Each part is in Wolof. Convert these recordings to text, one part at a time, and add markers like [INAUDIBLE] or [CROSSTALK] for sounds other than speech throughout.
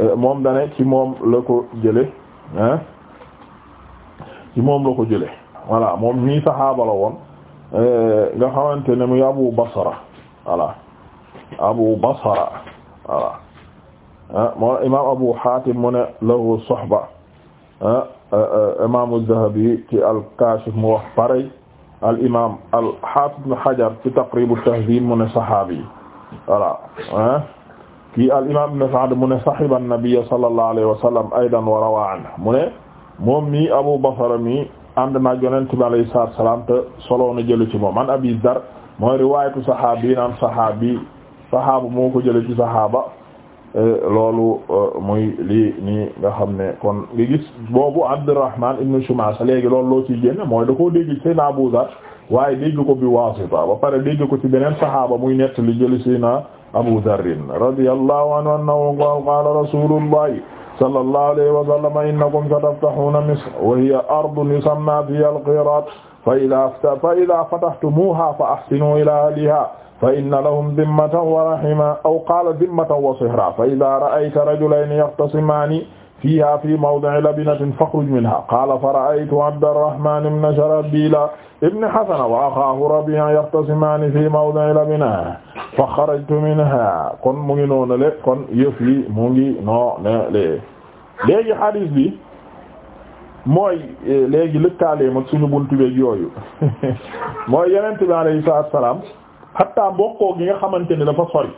Euh, moom dane ci moom la ko jële moom la ko jële voilà moom mii saxaaba la woon euh, xamante ne Abu Basra voilà Abu Basra imaam Abu Hatim mu ne lahu sohba ah euh, imaam Az-Zahabi ci al-Kashif mu wax parey al imaam al-Hafiz Ibn Hajar ci Taqrib at-Tahdhib mu ne saxaabi voilà ah kii al bi ibn Sa'd mu ne sahiba an-nabiyya sallallahu alayhi wa sallam aydan wa rawa anhu mu moom mi Abu Basra mi ànd na yonent bi salaam te solo na jëlu ci moom an Abi Dharr mooy riwaayatu saxaabi naan saxaabi saxaaba moo ko jële ci saxaaba e, loolu e, muy li nii nga xam ne kon nga gis boobu Abdurrahman ibn Shumasa léegi loolu loo ciy génne mooy da koo dégg Seydina Abu Dharr waaye dégg ko bi waasita ba pare dégg ko ci beneen saxaaba muy nettali jëli Seydina Abu Dharr radiyallahu anhu annahu qala rasulullahi sallallahu alayhi wa sallam innakum sataftahuna Misr wa hiya ardun yusamma fiha al-Qirat fa idha fatahtumuha fa ahsinu ila ahliha fa inna lahum dhimmatan wa rahima aw qala dhimmatan wa sihra fa idha ra'ayta rajulayni yaqtasimani fiihaa fii mawdi'i labinatin fakhruj minhaa qaala fara'aytu Abdarrahmaan ibn Sharabiila ibn Hasana wa axaahu Rabii'a yaxtasimaani fii mawdi'i labinatin fa kharajtu minhaa kon mu ngi noonale kon yëf yi mu ngi noonale léegi hadiis bi mooy léegi lëkkaaleem ak suñu buntu beeg yooyu [LAUGHS] mooy Yonent bi alayhi salaatu wa salaam hatta mbokkoo gi nga xamante ne dafa sori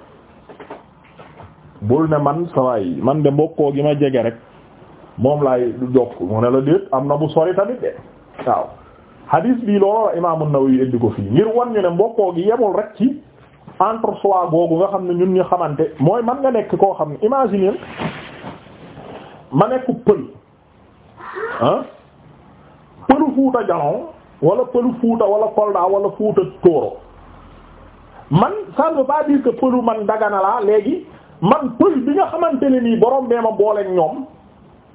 bul ne man sawaay man de mbokkoo gi ma jege rek. moom laay jokk mu ne la déet am na bu sori tamit de waaw hadis bii looloo la imaamu Nawawi indi ko fii ngir wan ñu ne mbokkoo gi yemul rek ci entre soi googu nga xam ne ñun ñu xamante mooy man nga nekk koo xam ne imaginer ma nekk pël ah pëlu fuuta jalon wala pëlu fuuta wala Kolda wala fuuta Tooro man ça ne veut pas pëlu man dagana laa léegi man pël bi nga xamante ne nii borom bee ma booleeg ñoom.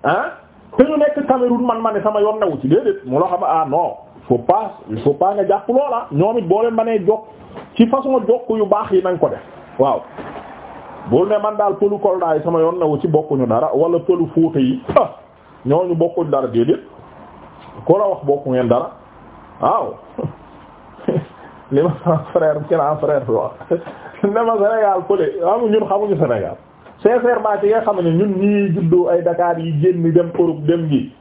ah te ñu nekk Cameroun man ma ne sama yoon newu ci déedéet mu la xam ah non faut pas il faut pas nga jàpp loola ñoom it boo leen mënee jokk ci façon jokk yu baax yi nañ ko def waaw. bul ne man daal pëlu Kolda yi sama yoon newu ci bokkuñu dara wala pëlu Fuuta yi ah ñooñu bokkuñ dara déedéet ko la wax bokku ngeen dara waaw li [LAUGHS] ma frère frère bi wax [LAUGHS] ne ma Sénégal pële waaw ñun xamuñu Sénégal. sincèrement ci nga xam ne ñun ñuy juddoo ay Dakar yi génn dem Europe dem gi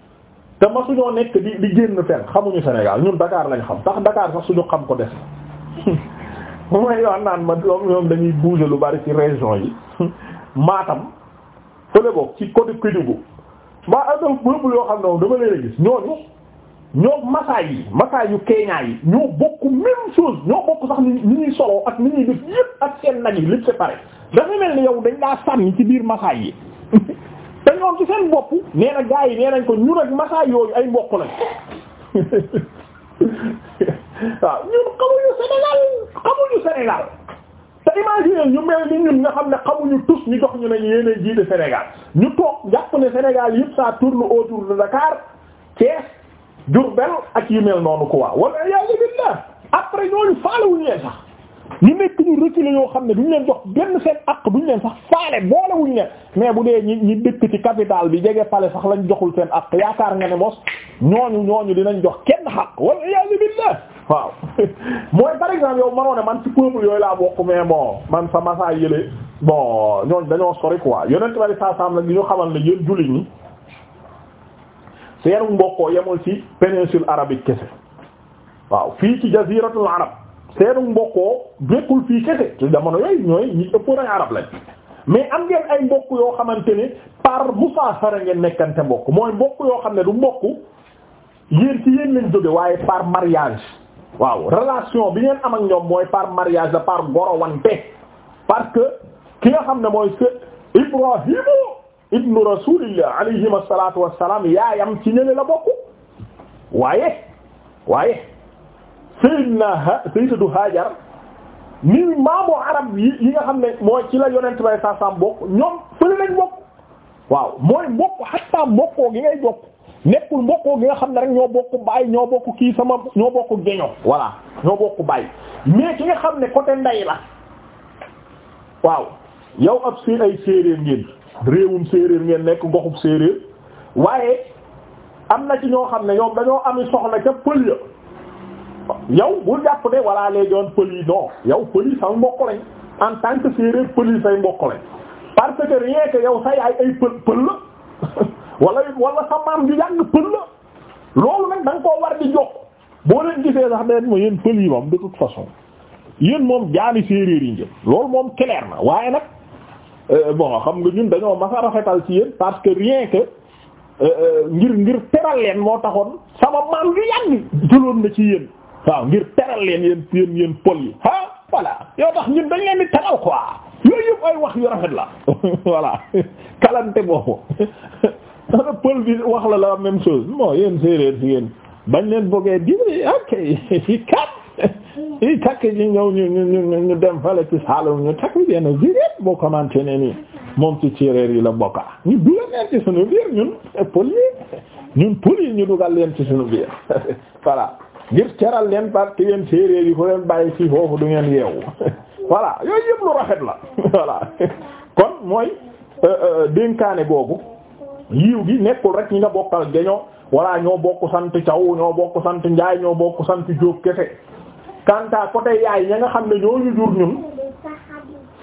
te ma suñoo nekk di di génn fenn xamuñu Sénégal ñun Dakar lañ xam tax Dakar sax suñu xam ko des bu may wax naan ma doom ñoom dañuy bouger lu bari ci région yi [LAUGHS] maatam fële boog ci côté Kédougou maa am na yoo xam ne dama leen a gis ñooñu. ñoo masaay yi masaay yu keeñaa yi ñoo bokk même chose ñoo bokk sax ni ñuy soloo ak ni ñuy def yépp ak seen nag yi lépp c'est dafa mel ni yow dañ laa sànni ci biir masaay yi [LAUGHS] te ñoom ci seen bopp nee na gaa yi ko ñun ak masaay yooyu ay mbokk lañ [LAUGHS] waaw ñun xamuñu Sénégal xamuñu Sénégal te imagine ñu mel ni ñun nga xam ne xamuñu tous ñu dox ñu ne yéenay jiite Sénégal ñu toog jàpp ne senegal yëpp ça tourne autour de Dakar Thiès Diourbel ak yu mel noonu quoi wala yàlla billah après ñooñu faalewuñu leen sax ñu nekk ñu reculé yoo xam ne duñ leen jox benn seen àq duñ leen sax faale boolewuñu leen mais bu dee ñi ñi dëkk ci capital bi jege pale sax lañ joxul seen ak yaakaar nga ne mos ñooñu ñooñu dinañ jox kenn àq wala yàlla billah waaw [LAUGHS] mooy par exemple yow manoo man ci peuple yooyu laa bokk mais bon man sa masaa yële bon ñooñ dañoo sori quoi yonent bari saa saam seeru mbokkoo yemul ci péninsule arabique kese waaw fii ci jaziratul arab seeru mbokkoo nekkul fii kese ci jamono yooyu ñooy ñi ëppoon ay arab lañ mais am ngeen ay mbokk yoo xamante ne par bu musaafara ngeen nekkante mbokk mooy mbokk yoo xam ne du mbokk yéen ci yéen lañ jóge waaye par mariage waaw relation bi ngeen am ak ñoom mooy par mariage la par gorowante parce que ki nga xam ne mooy se ibnu rasulillah alayhim asalatu wassalam yaayam ci ñële la bokk waaye waaye sayyidna ha sayyidatu hajar ni maamu arab yi yi nga xam ne mooy ci la yonent bay sasam bokk ñoom fële lañ bokk waaw mooy mbokk hatta mbokkoo gi ngay bokk nekkul mbokkoo gi nga xam ne rek ñoo bokk baay ñoo bokk kii sama ñoo bokk geño voilà ñoo bokk baay mais ki nga xam ne côté nday la waaw yow ab si ay séeréer ngeen réewum séeréer ngeen nekk goxub séeréer waaye am na ci ñoo xam ne ñoom dañoo ami soxla ca pël ya yow bu jàpp ne walla les doon pël yi non yow pël yi sax mbokk lañ en tant que séeréer pël yi say mbokk sa yaay ay pël pël la [LAUGHS] wala wala sa yàgg pël la loolu nag da nga koo war di jox boo leen gisee sax ne ma yéen pël yi moom de toute façon yéen moom jaani séeréer yi njëm loolu moom clair na waaye nag. Euh, bon xam nga ñun dañoo mas a rafetal ci yéen parce que rien que euh, euh, ngir ngir teral leen moo taxoon sama maam yu yàgg jëloon na ci yéen waaw ngir teral leen yéen yéen yéen pël yi ah voilà yoo tax ñun dañ leen di teral quoi yooyu yëpp ay wax yu rafet la [LAUGHS] voilà kalante boobu pël bi wax la la même chose bon yéen séeréer si yéen bañ leen bëggee dimbali ok [LAUGHS] kat [LAUGHS] i takki ñu ñëw ñu ñu ñu dem fale ci Saalum ñu takki benn jigéen boo xamante ne ni moom ci séeréer yi la bokka ñu dugal leen ci suñu biir ñun pël yi ñun pël ñu dugal leen ci suñu biir [LAUGHS] voilà ngir teral leen parce que yéen séeréer yi ko leen bàyyi ci foofu du ngeen yeewu [LAUGHS] voilà yooyu yëpp lu rafet la voilà kon mooy euh, euh, dénkaane boobu yiw gi nekkul rek ñu nga bokkal dañoo walla ñoo bokk sant Thiaw ñoo bokk sant Ndiaye ñoo bokk sant Diop kese kanta côté yaay ña nga xam ne ñooñu jur ñun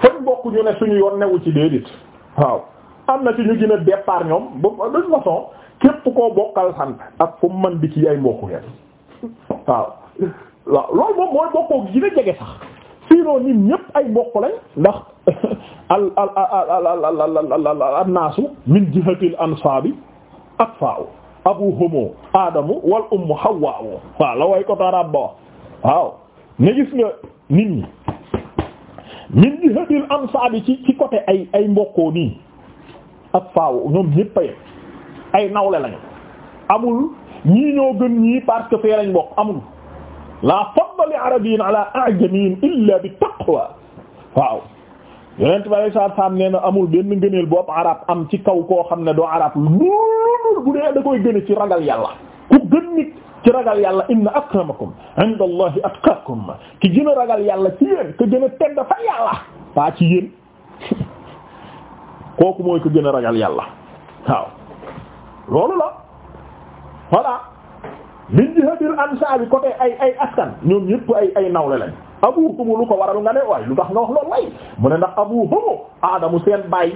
fañ bokk ñu ne suñu yoon newu ci déedéet waaw am na ci ñu départ ñoom ba de façon képp koo bokkal sant ak fu man bi ci ay mbokku ngeen waaw waaw loolu moom mooy bokkoo gi gën jege sax sinon ñun ñépp ay mbokk lañ ndax al al al al al naasu min jihatil ansaabi ak faaw abu homo aadamu wal ummu hawa waaw la way ko tarab ba waaw ne gis nga nit ñi min jihatil ansaabi ci ci côté ay ay mbokkoo nii ak faaw ñoom ñëpp ay nawle lañu amul ñii ñoo gën ñii parce que fee lañ bokk amul la fadla li arabiyin ala ajamiin illa bi taqwa waaw yonent bi alayhi salaatu salaam nee na amul benn ngëneel bopp arab am ci kaw koo xam ne doo arab lu bu dee da koy gën ci ragal yàlla ku gën nit ci ragal yàlla inna akramakum inda allahi atqaakum ki gën a ragal yàlla ci yéen te gën a tedd fa yàlla waa ci yéen [LAUGHS] kooku mooy ko gën a ragal yàlla waaw loolu la voilà min jihatil ansaar bi côté ay ay askan ñoom yépp ay ay nawle lañ abuhumu lu ko waral nga ne waay lu tax nga wax loolu way mu ne ndax abuhumu aadamu seen baay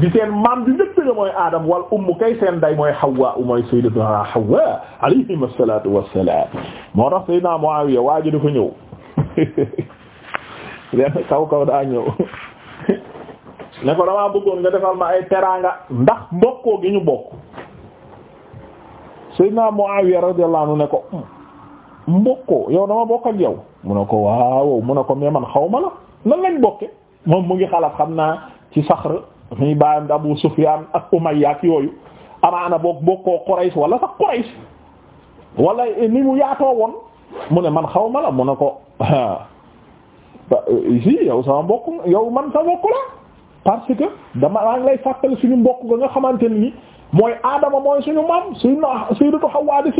di seen maam di njëkk nga mooy Adam wal ummu kay seen day mooy Hawa mooy sayyidatuna Hawa alayhi salaatu wassalaam moo tax Seydina Muawiya waa ji dafa ñëw [LAUGHS] benn kaw kaw daa ñëw [LAUGHS] ne ko damaa bëggoon nga defal ma ay teraanga ndax mbokkoo gi ñu bokk Seydina Muawiya radiyallahu anhu ne ko hmm, mbokkoo yow dama bokk ak yow mu ne ko waaw mu ne ko mais man xaw ma la nan lañ bokke moom mu ngi xalaat xam naa ci saxr muy baayam di Abu Sufyaan ak Umayya ak yooyu amaana boog bokkoo Quraysh wala sax Quraysh wala ni mu yaatoo woon mu ne man xawma ma la mu ne ko ah, yow sama mbokk yow man sa mbokk que dama maa ngi mbokk ga nga xamante ne ni mooy Adama mooy suñu maam suñu na Sayyidatu Hawwa di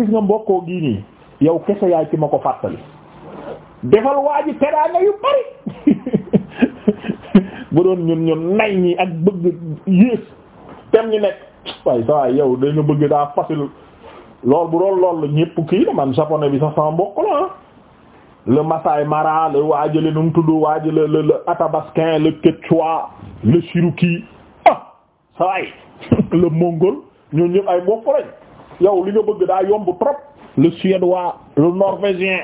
gis nga mbokkoo gii nii yow kese yaay ci ma ko fàttali defal waa ji teraanga yu bari [LAUGHS] bu doon ñun ñun nay ñi ak bëgg yées tem ñu nekk waaye sa waaye yow dañu bëgg daa facile lool bu doon lool la ñépp kii la man japonais bi sax sama mbokk la ah. le Masai Mara le waajale nu mu tudd waajale le le Athabaskan le Quechua le Cherokee ah waay [LAUGHS] le mongol ñoo ñëpp ay mbokk lañ yow li nga bëgg daa yomb trop le suédois le norvégien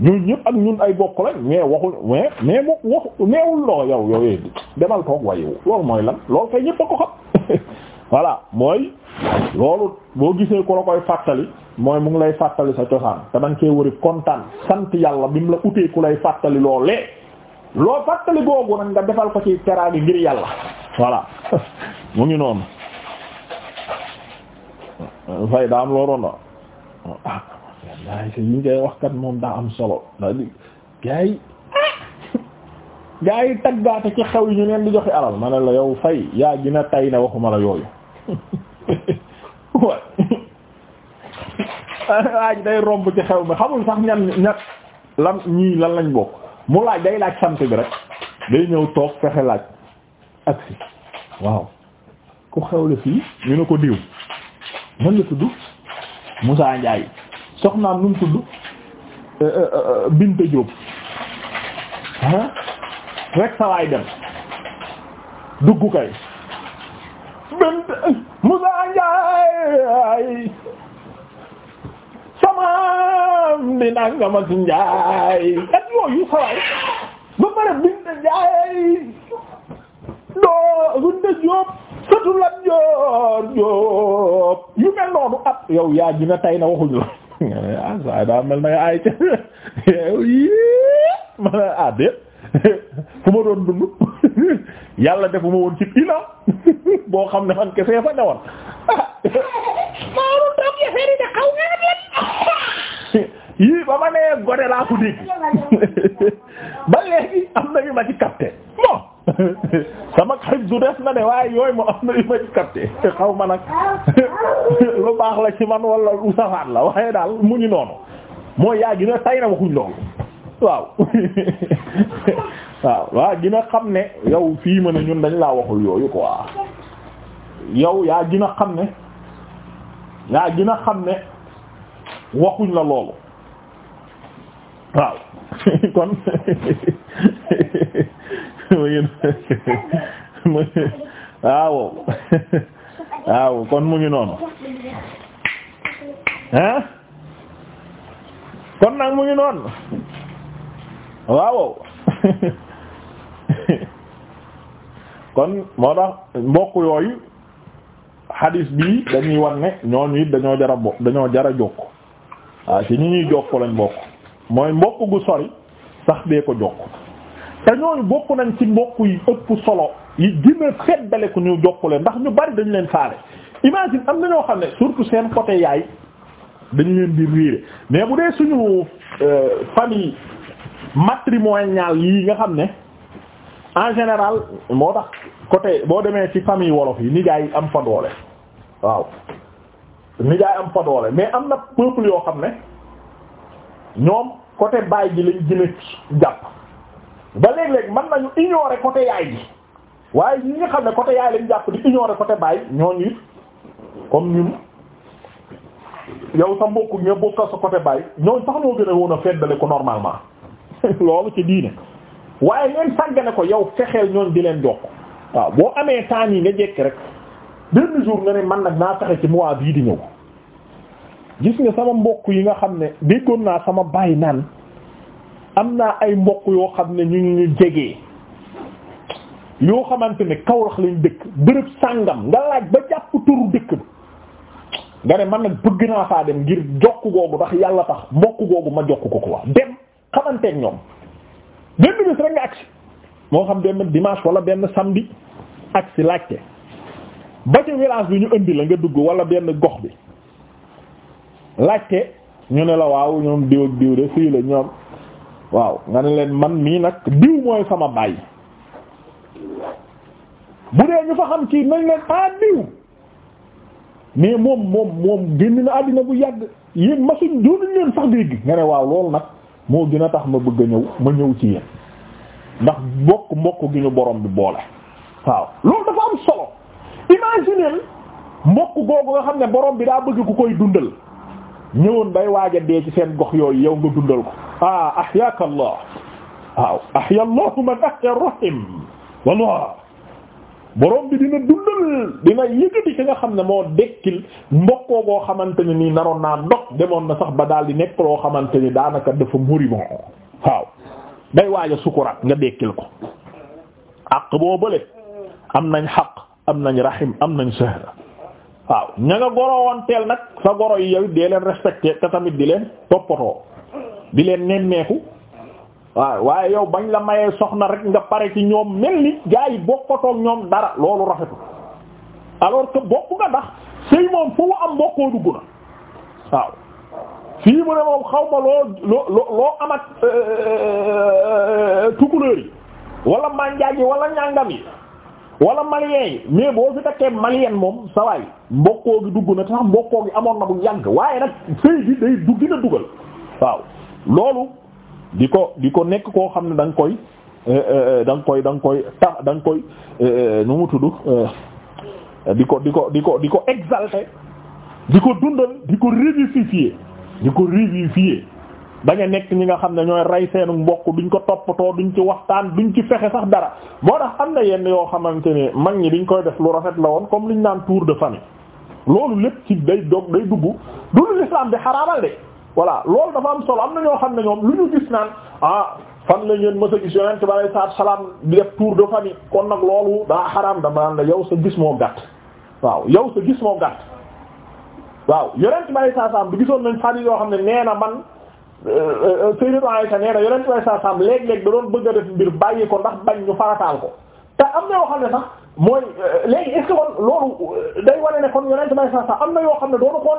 ñooñu ñëpp ak ñun ay bokk lañ mais waxul mais mais bu waxu neewul loo yow yow yooyu eh, demal toog waaye loolu mooy lan loolu kay ñëpp a ko xam [LAUGHS] voilà mooy loolu boo gisee ko la koy fàttali mooy mu ngi lay fàttali sa cosaan te danga koy wari kontaan sant yàlla bi mu la utee ku lay fàttali loolee loo fàttali googu nag nga defal ko ci teraange ngir yàlla voilà [LAUGHS] mu ngi noonu fay daam looroon na gaa yi te ngay wax kat moom daa am solo daa di gaa yi [LAUGHS] gaa yi taggaate ci xew yi ñu leen di joxe alal ma la yow fay yaa gina tay ne waxuma la yooyu laaj [LAUGHS] [LAUGHS] day romb ci xew mi xamul sax ñan ñan lan ñii lan lañ bokk mu laaj day laaj sant bi rek day ñëw toog fexe laaj ak si waaw ku xew la fii ñu ne ko diw mën la tudd musaa njaay soxnaam nu mu tudd euh, euh, euh, Binte Diop rek sawaay dem dugg kay Binte Moussa Ndiaye samaam di nag nga ma si yooyu sawaay ba pare Binte Ndiaye doo Binte Diop sëtu la Diop yu mel noonu ab ah, yow yaa gina tay na [LAUGHS] ah saa daa mel na nga aay ca yi ma ne ah [LAUGHS] fu ma doon dund [LAUGHS] yàlla defuma woon ci ila boo xam ne man kese fa newoon ah yii ba ma nee gone laa ko dégg ba léegi am na ñu ma ci capté [LAUGHS] sama xibdu def na ne waaye yooyu moo am na yu may xaw ma nag [LAUGHS] lu baax la ci man wala lu safaat la waaye daal mu ngi noonu mooy yaa gina tay na waxuñ loolu waaw [LAUGHS] waaw waa gina xam ne yow fii ma ne ñun dañ laa yow yaa gina xam ne yaa gina xam ne waxuñ la loolu waaw kon mu [LAUGHS] ngi ah, waaw [LAUGHS] ah, waaw kon mu ngi noonu ah kon nag mu ngi noonu waaw [LAUGHS] kon moo da mbokk yooyu xadiis bii dañuy wan ne ñooñu it dañoo jara bo dañoo jara jokk waaw ah, ci ñi ñuy jokk lañ bokk mooy mbokk gu sori sax bee ko jokk te ñooñu bokk nañ ci mbokk yi ëpp solo yi gën a seddale ku ñu jokkule ndax ñu bari dañu leen faale imagine am na ñoo xam ne surtout seen côté yaay dañu leen di réere mais bu dee suñu euh, famille matrimoniale yi nga xam ne en général moo tax côté boo demee ci famille wolof yi nijaay yi am fa doole waaw nijaay am fa doole mais am na peuple yoo xam ne ñoom côté baay ji lañ gën jàpp ba léeg-léeg mën nañu ignorer côté yaay ji waaye ñi nga xam ne côté yaay lañ jàpp di ignorer côté baay ñooñu it comme ñun yow sa mbokk ña bokkal sa côté baay ñooñ sax ñoo gën a woon a feddale ko normalement [LAUGHS] loolu ci diine waaye ngeen sàggane ko yow fexeel ñooñ di leen jokk waaw boo amee temps yi nga jekki rek benn jour nga ne man nag naa fexe ci mois bii di ñëw gis nga sama mbokk yi nga xam ne déggoon naa sama baay naan am naa ay mbokk yoo xam ne ñu ñu jege yoo xamante ne Kawlax lañ dëkk bërëb sàngam nga laaj ba jàpp turu dëkk ba nga ne man nag bëgg naa faa dem ngir jokk googu ndax yàlla tax mbokk googu ma jokk ko quoi dem xamanteeg ñoom benn bés rek nga agsi moo xam benn dimanche wala benn samedi agsi laajte ba ca village bi ñu indi la nga dugg wala benn gox bi laajte ñu ne la waaw ñoom diw ak diw de fii la ñoom. waaw nga ne leen man mii nag diw mooy sama baay bu dee ñu fa xam kii nañ leen ah diw mais moom moom moom génn na àddina bu yàgg yéen machine doonuñ leen sax dégg nga ne waaw loolu nag moo gën a tax ma bëgg a ñëw ma ñëw ci yéen ndax bokk mbokk gi ñu borom bi boole waaw loolu dafa am solo imaginer mbokk googu nga xam ne borom bi daa bëgg ku koy dundal ñëwoon bay waaja dee ci seen gox yooyu yow nga dundal ko ah ahyaaka allah waaw ah, ahya allahu man ahya rahim wallah borom bi dina dundal dina yëkkati ki nga xam ne moo dekkil mbokkoo boo xamante ne nii naroon naa ndox demoon na sax ba daal di nekk loo xamante ni daanaka dafa moribond waaw day waaj a nga dekkil ko àq am nañ xaq am nañ rahim am nañ sahra waaw ña nga nag sa goro yi yow dee leen respecté te tamit di leen toppatoo di leen nemmeeku waaw waaye yow bañ la mayee soxna rek nga pare ci ñoom mel ni gaa yi bokkatoo ñoom dara loolu rafetu alors que bokk nga ndax sëy moom fu am bokkoo dugg na waaw fii mu ne moom xaw ma loo loo loo amat euh, euh, euh, tukulóor yi wala manjaaj yi wala ñàngam yi wala malien yi mais boo fi takkee malien moom sawaay mbokkoo gi dugg na tax mbokkoo gi amoon na bu yàgg waaye nag sëy bi day dugg na dugal waaw loolu di ko di ko nekk koo xam ne da koy eh, eh, da nga koy da nga koy tax da nga koy eh, nu mu tudd di ko di ko di ko di ko exalter di ko dundal di ko revivifier di ko revivifier ba nga nekk ñi nga xam ne ñooy rey seenu mbokk duñ ko toppatoo duñ ci waxtaan duñ ci fexe sax dara boo tax am na yenn yoo xamante ne mag ñi diñ koy def lu rafet la woon comme liñ naan tour de famille loolu lépp ci day dog day dugg du lu l'islam bi xaraamal de voilà loolu dafa am solo am na ñoo xam ne ñoom lu ñu gis naan ah fan la ngeen mës a gis yonent bi alayhi salaatu salaam di def tour de famille kon nag loolu daa xaraam dama naan la yow sa gis moo gàtt waaw yow sa gis moo gàtt waaw yonent bi alayhi salaatu bi gisoon nañ fan yoo xam ne nee na man euh, euh, euh, Sayyidatu Aisha nee na yonent bi alayhi salaatu salaam léeg-léeg da doon bëgg a def mbir bàyyi ko ndax bañ ñu farataal ko te am na yoo xam ne sax mooy léegi est kon loolu day wane ne kon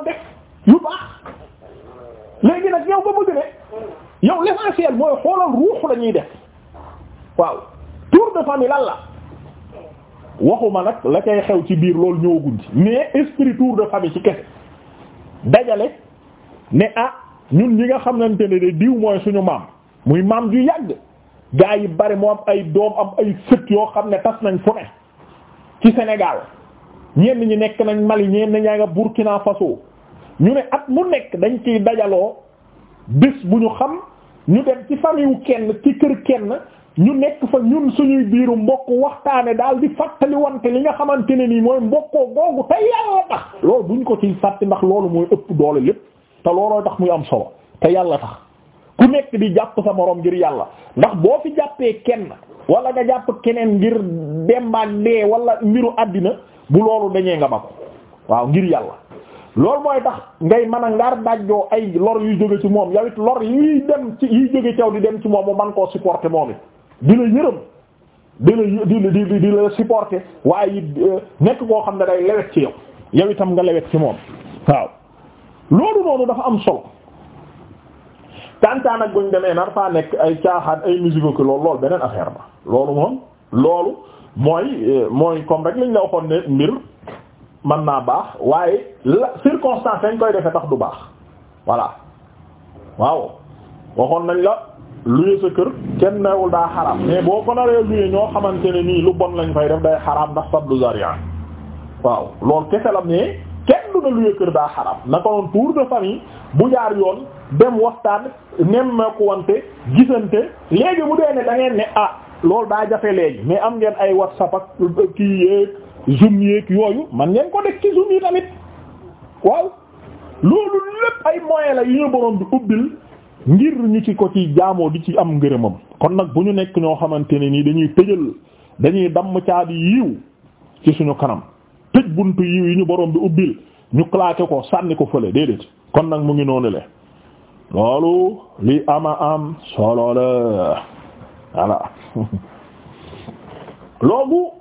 léegi nag yow ba bëgg ne yow l'essentiel mooy xoolal ruux la ñuy def waaw tour de famille lan la waxuma nag la koy xew ci biir loolu ñëwaguñ ci mais esprit tour de famille ci kese dajale ne ah ñun ñi nga xamante ne de diw mooy suñu maam muy maam ju yàgg gaa yi bari moo am ay doom am ay sët yoo xam ne tas nañ fu ne ci Sénégal ñeen ñi nekk nañ Mali ñenn ñaa nga Burkina Faso. ñu ne at mu nekk dañ kiy dajaloo bés bu ñu xam ñu dem ci famille kenn ci kër kenn ñu nekk fa ñun suñuy biiru mbokk waxtaane daal di fàttali wante li nga xamante ne nii mooy mbokkoo googu te yàlla tax loolu buñ ko ci fàtti ndax loolu mooy ëpp doole lépp te looloo tax muy am solo te yàlla tax ku nekk di jàpp sa moroom ngir yàlla ndax boo fi jàppee kenn wala nga jàpp keneen ngir dembaag dee wala mbiru àddina bu loolu dañee nga ba ko waaw ngir yàlla loolu mooy tax ngay mën a ngaar dajjoo ay lor yuy jóge ci moom yawit lor yuy dem ci yuy jóge caw di dem ci moom mu man koo supporter moom it di la yërëm di la di di di la supporter waaye it euh, nekk koo xam ne day lewet ci yow yow itam nga lewet ci moom waaw loolu noonu dafa am solo tantaan ak buñ demee nar faa nekk ay caaxaat ay musique ko loolu loolu beneen affaire ba loolu moom loolu mooy euh, mooy comme rek lañ la waxoon ne mbir man naa baax waaye la circonstance dañ koy defe tax du baax voilà waaw waxoon nañ la luye sa kër kenn newul daa xaraam mais boo ko naree luye ñoo xamante ne nii lu bon lañ fay def day xaraam ndax sablu zariya waaw loolu kese la mais kenn du na luye kër daa xaraam naka noonu tour de famille bu jaar yoon dem waxtaan nemmeeku wante gisante léegi bu dee ne da ngeen ne ah loolu daa jafe léegi mais am ngeen ay whatsapp ak kii yeeg zoom yeeg yooyu man ngeen ko def ci zoom yi tamit waaw loolu lépp ay moyen yu ñu borom bi ubbil ngir ñu ci ko ci jaamoo di ci am ngërëmam kon nag bu ñu nekk ñoo xamante ne nii dañuy tëjal dañuy damm caabi yiw ci suñu kanam tëj buntu yiw yi ñu boroom bi ubbil ñu claqué ko sànni ko fële déedéet kon nag mu ngi noonu le loolu li ama am solo la voilà [LAUGHS]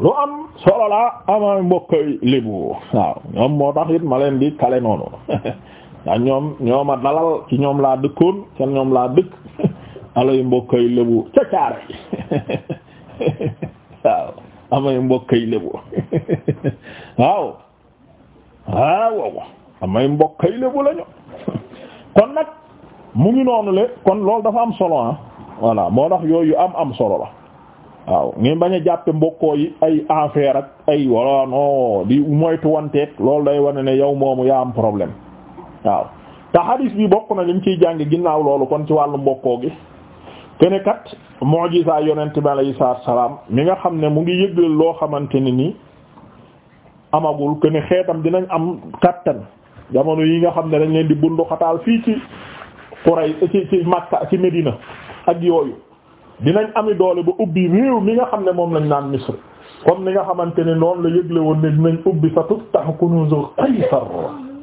lu am solo la ama mbokk lébu waaw ñoom moo tax it di kale noonu [LAUGHS] ndax ñoom ñooma dalal ci ñoom laa dëkkoon ca ñoom laa dëkk [LAUGHS] alay mbokk lébu ca caare [LAUGHS] waaw amay mbokk lébu waaw waaw amay mbokk lébu lañu kon nag mu ngi noonu le kon loolu dafa am solo ah voilà moo tax yooyu am am solo la waaw ngi bañ a jàppe mbokkoo yi ay affaire ak ay wala non moytu wanteeg lool day wane ne yow moomu yaa am problème waaw te hadis bi bokk na liñ ciy jàngi ginnaaw loolu kon ci wàllu mbokkoo gi kene kat mu'jiza yonent bi alayhi salaam mi nga xam ne mu ngi yëgal loo xamante ne ni amagul kene xeetam dinañ am kattan jamono yi nga xam ne dañ leen di bundu fii ci Quraysh ci ci Makka ci Medina ak yooyu dinañ ami doole ba ubbi réew mi nga xam ne moom lañ naan Misr comme ni nga xamante ne noonu la yëgle woon ne dinañ ubbi fa tuftahu kunuuzu Qaysar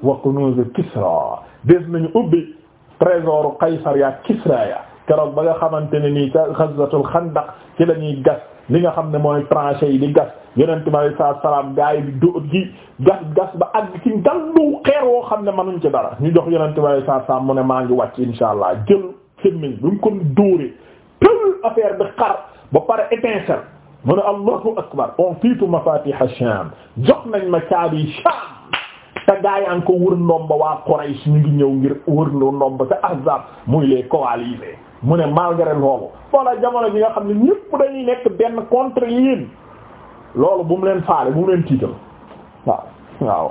wa kunuuzu Kisra des nañu ubbi trésor Qaysar yaa Kisra ya keroog ba nga xamante ne nii ca Ghazwatul Khandaq ci la ñuy gas li nga xam ne mooy tranchées yi di gas Yonent bi alayhi salaatu salaam gaa yi di dóor gi gas gas ba àgg ci ngandu xeer woo xam ne mënuñ ci dara ñu jox Yonent bi alayhi salaatu salaam mu ne maa ngi wàcc inshaa Allah jël semmiñ bu ñu ko dóoree affaire bi xar ba pare étincelle mu ne allahu akbar on fiitu mafatiha sham jox nañ ma caabi sham te gaayaan ko wër ndomba waa Quraysh ñu ngi ñëw ngir wër ndomba te ahzab muy les coalisés mu ne malgré loolu wala jamono ji nga xam ne ñëpp dañuy nekk benn contre loolu bu mu leen faale bu mu leen tiital waaw waaw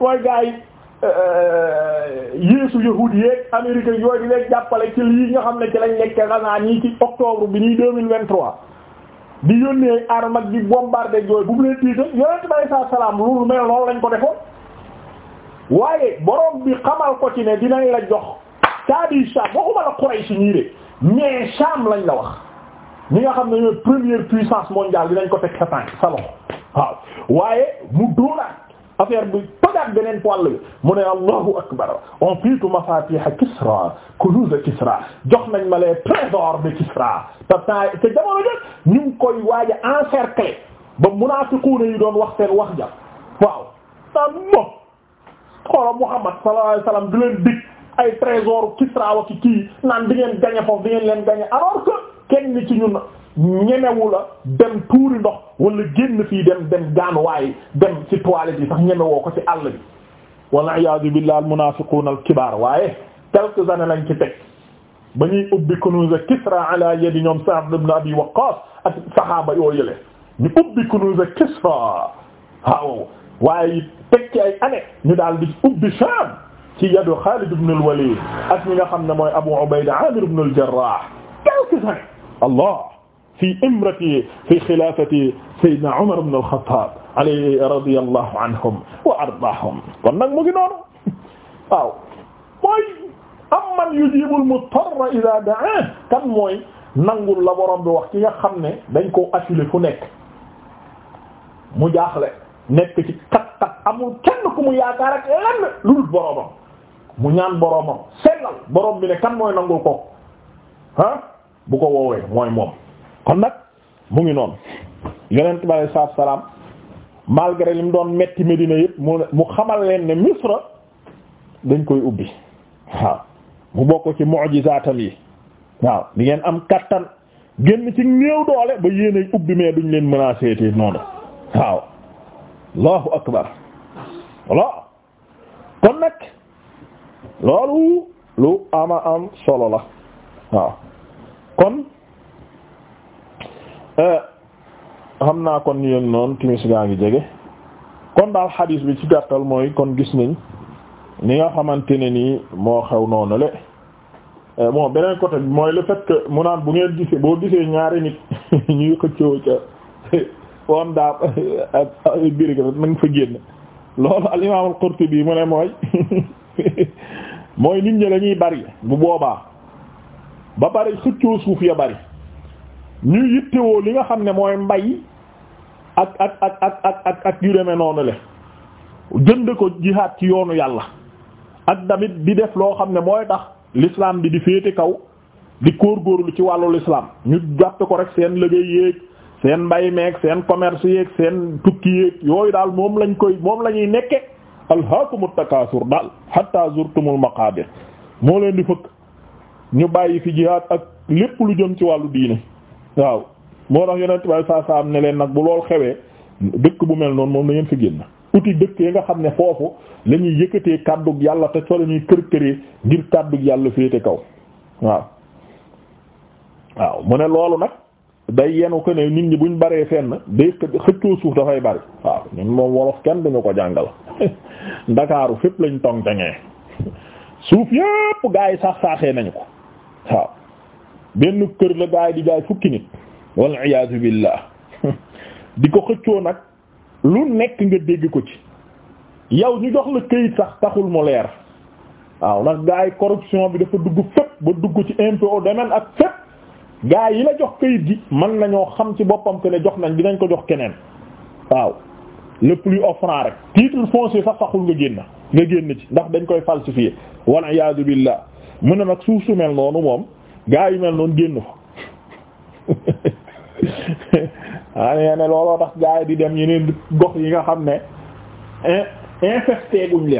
mooy gaay Euh, yéesu yahuud yeeg Amérique yooyu di jàppale ci lii nga xam ne ci lañ nekke xanaa nii ci octobre bi nii deux mille vingt trois di yónnee arme ak di bombarder bu mu leen tiital yonent bi saa salaam loolu mel loolu lañ ko defoon waaye borom bi xamal ko ci ne dinañ la jox caabi Sham waxuma la Quraysh ñii de mais Sham lañ la wax ñi nga xam ne ñooy première puissance mondial dinañ ko teg sa tànk sa loxo waaw waaye mu dóoraat affaire bi tojaat beneen poil bi mu ne allahu akbar on piitu mafatiha kisra kunuz kisra jox nañ ma les trésors de kisra te temps te jamono jot ñu ngi koy waaj a encercler ba munaafiquuna yi doon wax seen wax ja waaw naan moom xoola muhammad sallallahu alayhi wasallam di leen dig ay trésor kisra wa ki kii naan di ngeen gañe foofu di ngeen leen gañe alors que kenn ci ñu ñemewu la dem tuuri ndox wala génn fii dem dem gaanuwaay dem ci toilette yi sax ñemewoo ko ci àll bi wal iyaadu billahi al munaafiquuna al kibaar waaye quelques années lañ ci teg ba ñuy ubbi kunuuza Kisra ala yadi ñoom Sa'd ibn Abi Waqqaas ak saxaaba yoo yële ñu ubbi kunuuza Kisra waaw waaye teg ci ay années ñu daal di ubbi Shaam ci yadu Xaalid ibn al Waliid ak ñi nga xam ne mooy Abu Ubayda Aamir ibn al allah fi imrati fi xilaafati sayyidina Umar ibn al-Khattab alayhi radiyallahu anhum wa ardaahum kon nag mu ngi noonu [LAUGHS] waaw mooy amman yujibul muttarra idaa da'aahu kan mooy nangul la borom bi wax ki nga xam ne dañ koo assuré fu nekk mu jaaxle nekk ci kat-kat amul kenn ku mu yaakaar ak lenn lu dul boromam mu ñaan boromam sellal borom bi ne kan mooy nangul ko ah. bu ko woowee mooy moom kon nag mu ngi noonu yonent bi alayhi salaatu salaam li mu doon metti Medina yëpp mu mu xamal leen ne Misra dañ koy ubbi waaw mu bokk ci mu'jizaatam yi waaw di ngeen am kattan génn ci néew doole ba yéene ubbi mais duñ leen mën a seetee noonu waaw allahu akbar voilà kon nag loolu lu ama am solo la waaw kon euh, xam naa kon ñu yem noonu timis gaa ngi jege kon daal xadiis bi ci gàttal mooy kon gis nañ ni nga xamante ne nii moo xew noonu le euh, bon beneen côté bi mooy le fait mu naan bu ngeen gisee boo gisee ñaari nit [LAUGHS] ñuy xëccoo ca woon daa birig rek nanga fa génn loolu al imaam al Qurtubi mu ne mooy [LAUGHS] mooy nit ñi lañuy bari bu boobaa ba bari xëccoo suuf ya bari ñu yittewoo li nga xam ne mooy mbay ak ak ak ak ak ak ak yu demee noonu le jënd ko jihaad ci yoonu yàlla ak tamit di def loo xam ne mooy tax lislaam bi di féete kaw di góor góorgóorlu ci wàllu lislaam ñu jàpp ko rek seen liggéey yéeg seen mbay meeg seen commerce yeeg seen tukki yeeg yooyu daal moom lañ koy moom lañuy ñuy nekke alhaakumut takaasur daal hatta zurtumul maqaabir moo leen di fëkk ñu bàyyi fi jihaad ak lépp lu jëm ci wàllu diine waaw moo tax yonent bay saa saa am ne leen nag bu lool xewee dëkk bu mel noonu moom la ngeen fi génn uti dëkk yi nga xam ne foofu la ñuy yëkkatee yàlla te soo la ñuy kër këree ngir kàddu yàlla féete kaw waaw waaw mu ne loolu nag day yenu ko ne nit ñi buñ baree fenn day xëccoo suuf dafay bari waaw ñun moom wolof kenn duñu ko jàngal [LAUGHS] ndakaaru fépp lañ tongtangee [LAUGHS] suuf yépp gaa yi sax saaxee nañu ko waaw benn kër la gaay di jaay fukki nit wal iyaazu billah [LAUGHS] di ko xëccoo nag lu nekk nga dégg ko ci yow ñu jox la këyit sax taxul mu leer waaw ndax gaay corruption bi dafa dugg fépp ba dugg ci impôt domaine ak fépp gaay yi la jox kayit gi mën nañoo xam ci boppam que jox nañ dinañ ko jox keneen waaw le plus offrant rek titre foncier sax taxul nga génn nga génn ci ndax dañ koy falsifier wal iyaazu billah mu ne nag suuf su mel noonu moom gaa yu mel noonu génn ko ah nee na looloo yi di xam ne infesté guñ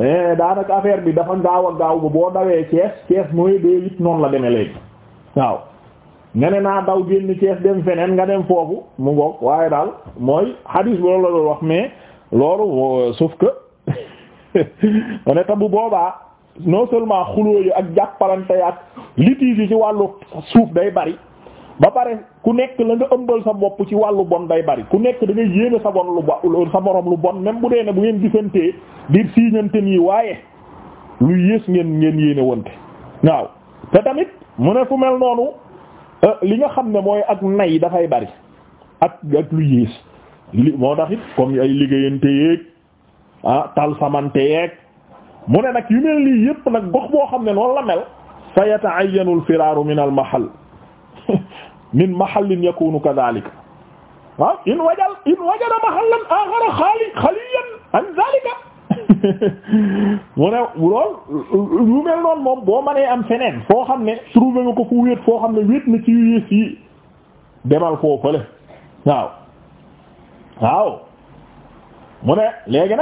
eh, affaire bi dafa gaaw a boo dawee Thiès Thiès mooy naa daw génn Thiès dem feneen nga mu ngoog waaye daal mooy hadis loolu la doon wax mais loolu sauf que on [LAUGHS] est boobaa. non seulement xuloo yi ak jàppalante ak litige yi ci wàllu suuf day bari ba pare ku nekk la nga ëmbal sa bopp ci wàllu bon day bari ku nekk da ngay yéene sa bon lu bo sa borom lu bon même bu dee ne bu ngeen gisantee di siiñante nii waaye lu yées ngeen ngeen yéene wante waaw te tamit mu ne fu mel noonu euh, li nga xam ne mooy ak nay dafay bari ak ak lu yées li moo tax comme ay liggéeyante yeeg ah tal samante yeeg mu ne nag yu mel lii yépp nag gox boo xam ne noonu la mel fa yata'ayyanu al-firaaru min al-mahall min mahallin yakunu kadhalika waaw in wajal in wajada mahallan akhara xaali xaliyan an dhalika [LAUGHS] mu ne lool mel noonu moom boo mënee am feneen foo xam ne trouvé nga ko fu wéet foo xam ne wéet na ci yu yées demal foofu la waaw waaw mu ne léegi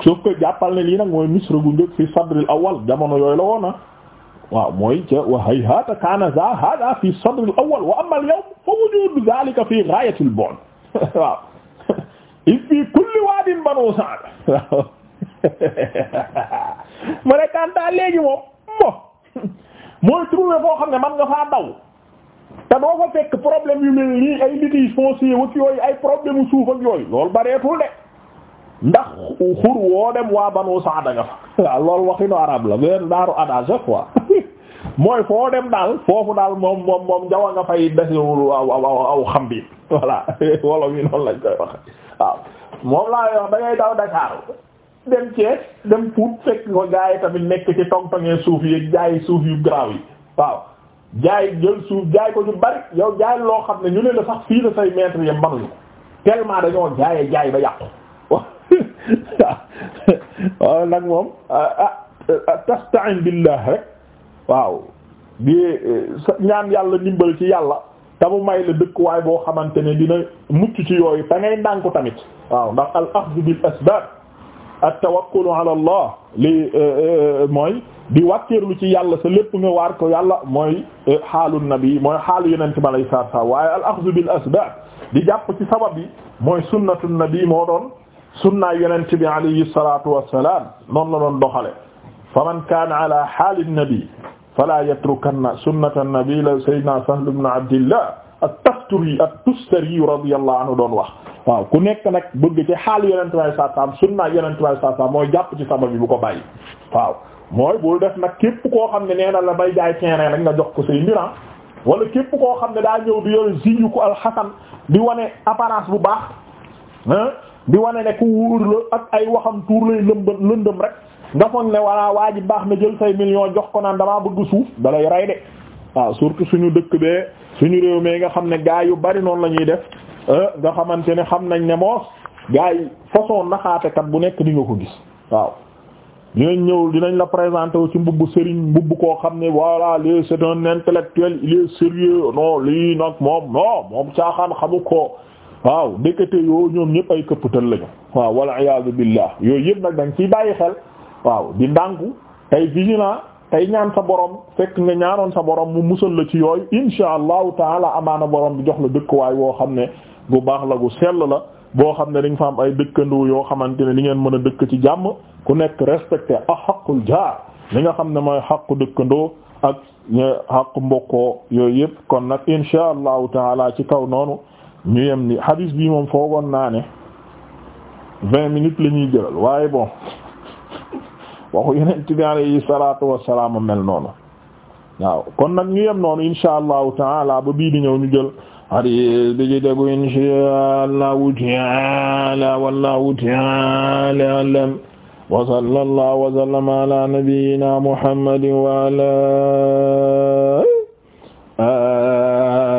sauf que jàppal ne lii nag mooy misra gu fi sadril awal jamono yooyu la woona ah. waaw mooy ca wa hayhata kaana za hada fi sadril awal wa amma al yawm fa wujudu zalika fi ghayatil bu'd [LAUGHS] waaw is [LAUGHS] fi kulli waadin banu sa'd waaw [LAUGHS] ne kantaa léegi moom mo mooy trouvé foo xam ne man nga faa daw te doo fa fekk problème yu mel nii ay litige foncier wak ay problème u suuf ak yooyu bareetul de ndax xur woo dem waa banu saada nga fa [LAUGHS] waaw loolu waxinu arab la weer daaru adage quoi [LAUGHS] mooy foo dem daal foofu daal moom moom moom jawa nga fay desewul aw aw xam bi [LAUGHS] voilà wolof yi noonu lañ koy wax waaw moom laa wax da ngay daw Dakar dem Thiès dem Pout fekk ko gaay tamit nekk ci tong-tongee suuf yi jaay suuf yu graw yi waaw jaay jël suuf jaay ko ñu bari yow jaay loo xam ne ñu ne la sax fii la say maître yam manuñu ko tellement dañoo jaaye jaay waaw nag moom ah tasta'in billah rek waaw bi eh, ñaan yàlla ndimbal ci yàlla tamu mu may la dëkkuwaay boo xamante ne dina mucc ci yooyu te ngay ndànku tamit waaw ndax al axdu bil asbaab ala allah li eh, eh, mooy di wàkkeerlu ci yàlla sa lépp nga waar ko yàlla mooy xaalu nabi mooy xaalu yeneen ci ma lay saar saa waaye al axdu bil di jàpp ci sabab mooy sunnatu nabi moo doon sunna yonent bi alayhi salatu wassalam noonu la doon doxale fa man kaana ala haali nabi fala yatrukanna sunnata nabi la sayyidina Sahl ibn Abdillah at-Tasturi at-Tustari radiyallahu anhu doon wax waaw ku nekk nag bëgg ci xaal yonent bi saa saam sunna yonent bi saa saam mooy jàpp ci sabab yi bu ko bàyyi waaw mooy bul def nag képp koo xam ne nee na la bay jaay terrain rek nga jox ko say mbir wala képp koo xam ne daa ñëw di yore ziyu ko alxasan di wane apparence bu baax di wane ne ku wóor la ak ay waxam tuur lay lëndëm lëndëm rek nga foog ne walla waa ji baax na jël say million jox ko naan damaa bëgg suuf dalay rey de waaw surtout suñu dëkk bee suñu réew mi nga xam ne gaa yu bari noonu la ñuy def euh, nga xamante ne xam nañ ne moos gaa yi façon naxaatekat bu nekk di nga ko gis waaw dinañ ñëw dinañ la présenter wu ci mbubb sëriñ mbubb koo xam ne voilà lii c'est un intellectuel il est sérieux non lii nag moom caaxaan xamu ko waaw dëkkate yoo ñoom ñëpp ay këppatal lañu waaw walla iyaazu billah yooyu yëpp nag dañ ciy bàyyi xel waaw di ndànku tey vigilant tey ñaan sa borom fekk nga ñaanoon sa borom mu musal la ci yooyu insha allahu taala amaana borom bi jox la dëkkuwaay woo xam ne gu baax la gu sell la boo xam ne dañ fa am ay dëkkandoo yoo xamante ne li ngeen mën a dëkk ci jàmm ku nekk respecté ak xaqul jaar li nga xam ne mooy xaqu dëkkandoo ak eh, xaqu mbokkoo yooyu yëpp kon nag insha allahu ci kaw noonu ñu yem ni hadis bi moom foogoon naa ne vingt minutes la ñuy jëlal waaye bon waxu yeneen bi alayhi salatu wassalaam mel noonu waaw kon nag ñu yem noonu insha allahu taala ba bii di ñëw ñu jël hadis bi ci déggu insha allahu taala wallahu taala alam wa sallallahu wa sallama ala nabiyyina muhammadin wa ala